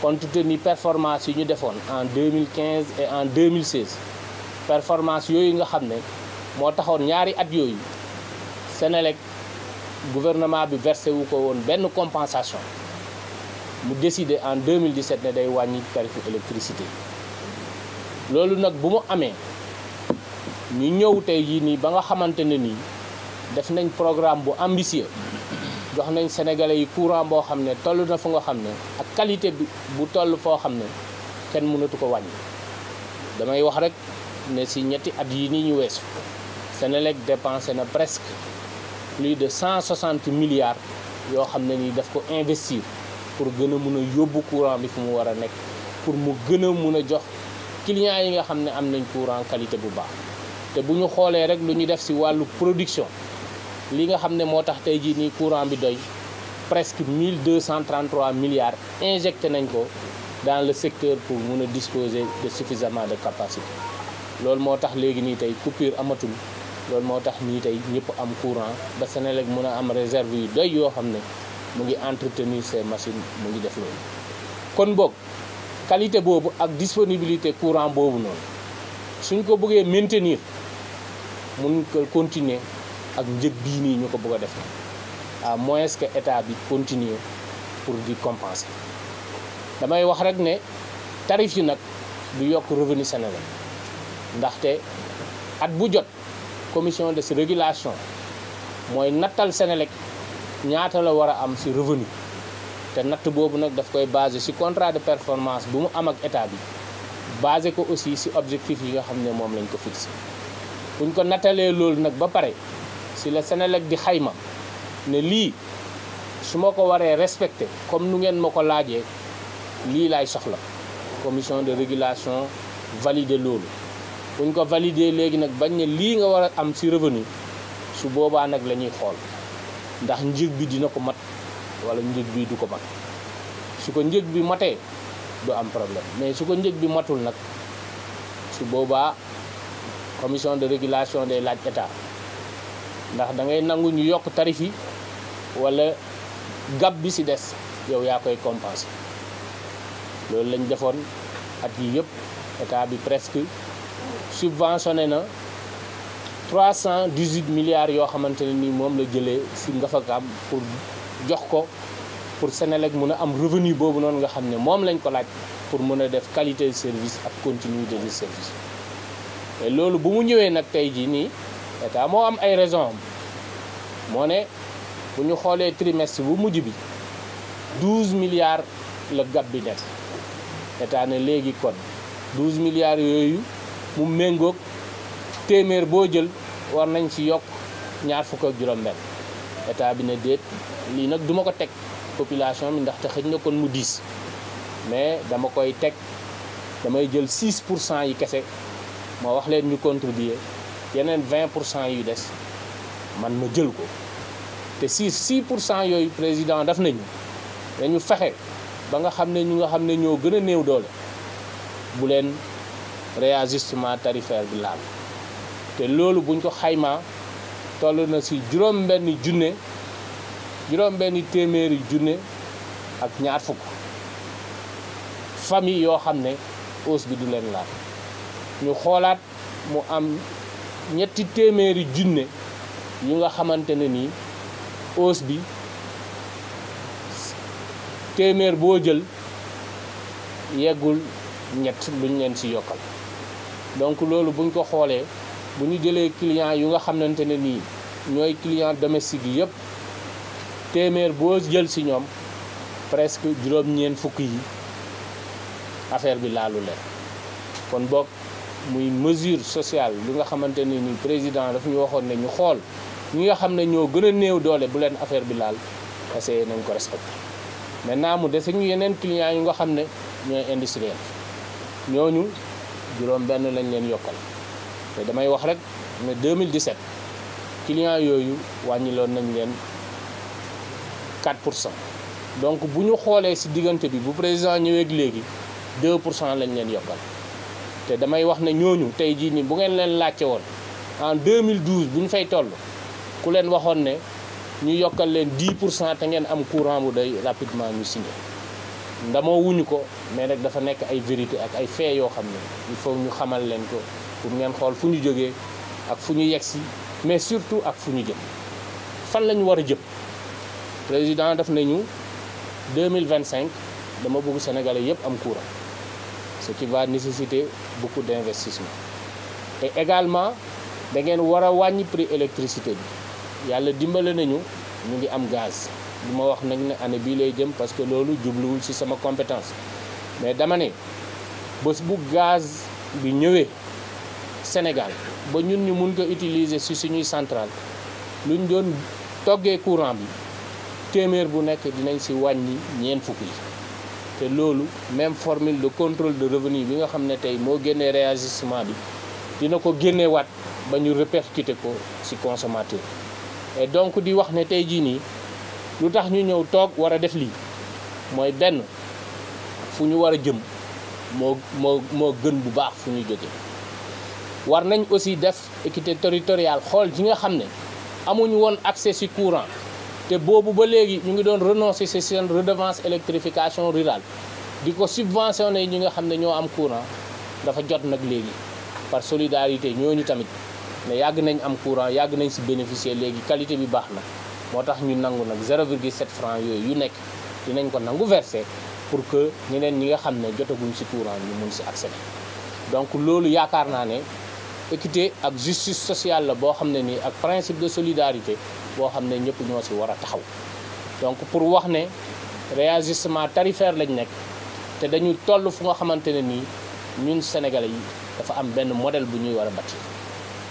compte tenu performance yi ñu defoon en 2015 et en 2016 performance yoy nga xamné mo taxone ñaari at yoy le gouvernement a versé une ko woon benn compensation mu décidé en 2017 né day wàññi tarifu électricité lolu nak bu mu amee nous ñëw tay jii ni ba nga programme bu ambitieux jox nañ sénégalais yi courant boo xam ne toll na fa nga xam ne ak qualité bi bu toll foo xam ne kenn mënatu ko wàññi damay wax rek ne si ñetti at yi ni ñu weesu Sénélec dépensé na presque plus de 160 milliards yoo xam ne daf ko investir pour gën a mun a yóbbu courant bi fu mu war a nekk pour mu gën a mun a jox client yi nga xam ne am nañ courant qualité bu baax te bu ñu xoolee rek lu ñu def si wàllu production li nga xamné motax moo tax courant bi doy presque 1233 milliards injecté nañ ko dans le secteur pour mun disposer de suffisamment de capacité lool motax légui ni tay coupure amatul lool motax ni tay tey ñëpp am courant ba Senelec mun am réserve yu doy yo xamné mu ngi entretenir ces machines mu ngi def lool kon bok qualité bobu ak disponibilité courant bobu non suñ ko bëggé maintenir mun ko continuer ak njëg bii nii ñu ko bëgg a def à moins que état bi continue pour di compenser damay wax rek ne tarif yi nag du yokk revenu Sénégal ndaxte at bu jot commission de régulation mooy nattal Sénélec ñaata la war a am ci revenu te natt boobu nag daf koy basé ci contrat de performance bu mu am ak état bi basé ko aussi ci objectif yi nga xam ne moom lañ ko fixé buñ ko nattalee loolu nag ba pare si la Sénélec di xayma ne lii su ma ko waree respecté comme nu ngeen ma ko laajee lii laay soxla commission de régulation validé loolu buñ ko validé léegi nag bañ ne lii nga war a am si revenu su boobaa nag la ñuy xool ndax njëg bi dina ko mat wala njëg bi du ko mat su ko njëg bi matee du am problème mais su ko njëg bi matul nag su boobaa commission de régulation des laaj état ndax da ngay nangu ñu yokk tarif yi wala gab bi si des yow yaa koy compenser loolu lañ defoon at yi yëpp état bi presque subventionné na 318 milliards yoo xamante ne ni moom la jëlee si nga fa am pour jox ko pour Sénélec mën a am revenu boobu noonu nga xam ne moom lañ ko laaj pour def qualité de service ak continuité de service et loolu bu mu ñëwee nag tey jii nii état moo am ay raison am moo ne bu ñu xoolee trimestre bu mujj bi 12 milliards le gab bi nekk état ne léegi kon 12 milliards yooyu mu méngoog téeméer boo jël war nañ ci yokk ñaar fukk ak juróom-benn état bi ne déet lii nag duma ko teg population bi ndaxte xëj na kon mu diis mais dama koy teg damay jël 6 pour cent yi kese moo wax leen ñu contribuer yeneen 20 pour cent yu des man ma jël ko te si 6 pour cent yooyu président daf nañu dañu fexe ba nga xam ne ñu nga xam ne ñoo gën a néew doole bu leen réajustement tarifaire bi laal te loolu buñ ko xaymaa toll na si juróom benni junne juróom benni téeméeri junne ak ñaar fukk famille yoo xam ne hausse bi du leen laal ñu xoolaat mu am ñetti téeméeri junne yu nga xamante ne nii hausse bi téeméer boo jël yeggul ñett luñ leen ci yokkal donc loolu buñ ko xoolee bu ñu jëlee client yu nga xamante ne nii ñooy client domestique yi yëpp téeméer boo jël ci ñoom presque juróom-ñeent fukk yi affaire bi laalu leen kon boog muy mesure sociale li nga xamante ne ni président daf ñu waxoon ne ñu xool ñi nga xam ne ñoo gën a néew doole bu leen affaire bi laal essayé nañ ko respecté maintenant mu dese ñu yeneen clients yu nga xam ne ñooy industriel ñooñu juróom benn lañ leen yokkal te damay wax rek ne 2017 clients yooyu wàññiloon nañ leen 4 pour cent donc bu ñu xoolee ci diggante bi bu président ñëweek léegi 2 pour cent lañ leen yokkal te damay wax ne ñooñu tay ji ni bu ngeen leen laajte won en 2012 buñ fay toll ku leen waxon ne ñu yokal leen 10 pour te ngeen am courant bu day rapidement ñu signé ndamo wuñu ko mais nag dafa nek ay vérité ak ay fait yo xamné il faut ñu xamal leen ko pour ngeen xol fuñu joggé ak fuñu ñu mais surtout ak fuñu jëm fan lañu wara jëm président daf nañu 2025 dama bëgg Sénégalais yépp am courant. ce qui va nécessiter beaucoup d'investissement et également da wara war prix électricité y a le nañu ñu nous, am gaz du ma wax nañ ne année bii lay jëm parce que loolu jubluwul ci sama compétence mais dama ne bés bu gaz bi ñëwee Sénégal ba nous ñu mun ko utiliser ci suñuy centrale luñ doon courant bi téeméer bu nekk dinañ ci wàññi ñeent fukk te loolu même formule de contrôle de revenu bi nga xam ne tey moo génnee réajustement bi dina ko génneewaat ba ñu répercuter ko ci consommateur et donc di wax ne tey jii nii lu tax ñu ñëw toog war a def lii mooy benn fu ñu war a jëm moo moo moo gën bu baax fu ñu jóge war nañ aussi def équité territoriale xool ji nga xam ne amuñu woon accès ci courant te bobu ba légui ñu ngi doon renoncer ces seen redevance électrification rurale diko subventionné ñi nga xamné ño am courant dafa jot nak légui par solidarité ñoñu tamit ne yag nañ am courant yag nañ ci bénéficier légui qualité bi baxna motax ñu nangu nak 0,7 francs yoy yu nek dinañ ko nangu verser pour que ñeneen ñi nga xamné jotaguñ ci courant ñu mun ci accéder donc lolu yaakaar naa ne équité ak justice sociale la bo xamné ni ak principe de solidarité bo xam ñepp ñoo si wara taxaw donc pour wax né réajustement tarifaire lañ nek té dañu tollu fu nga xamante ni ñun sénégalais yi dafa am ben model bu ñuy wara a bâtir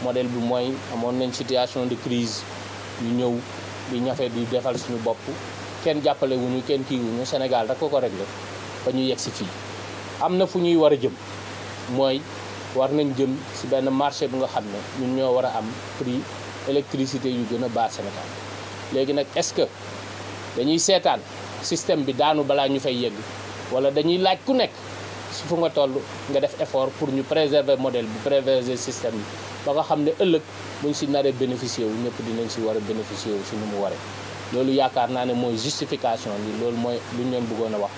modèle bi mooy Senegal nañ situation de crise ñu ñew di ñafé di défal suñu kenn wuñu kenn wuñu Sénégal rek ko ko réglé ba ñu si fii am fu ñuy wara jëm moy war nañ jëm ci ben marché bu nga xamné ñun ñoo wara am prix électricité yu gën a bas Sénégal léegi nag est-ce que dañuy seetaan système bi daanu balaa ñu fay yegg wala dañuy laaj ku nekk si fu nga toll nga def effort pour ñu préserver modèle bi préserver système bi ba nga xam ne ëllëg buñ si naree bénéficier wu ñëpp dinañ si war a bénéficier wu si nu mu waree loolu yaakaar naa ne mooy justification bi loolu mooy lu ñu leen bëggoon a wax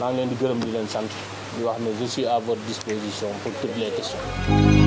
maa ngi leen di gërëm di leen sant di wax ne je suis à votre disposition pou toutes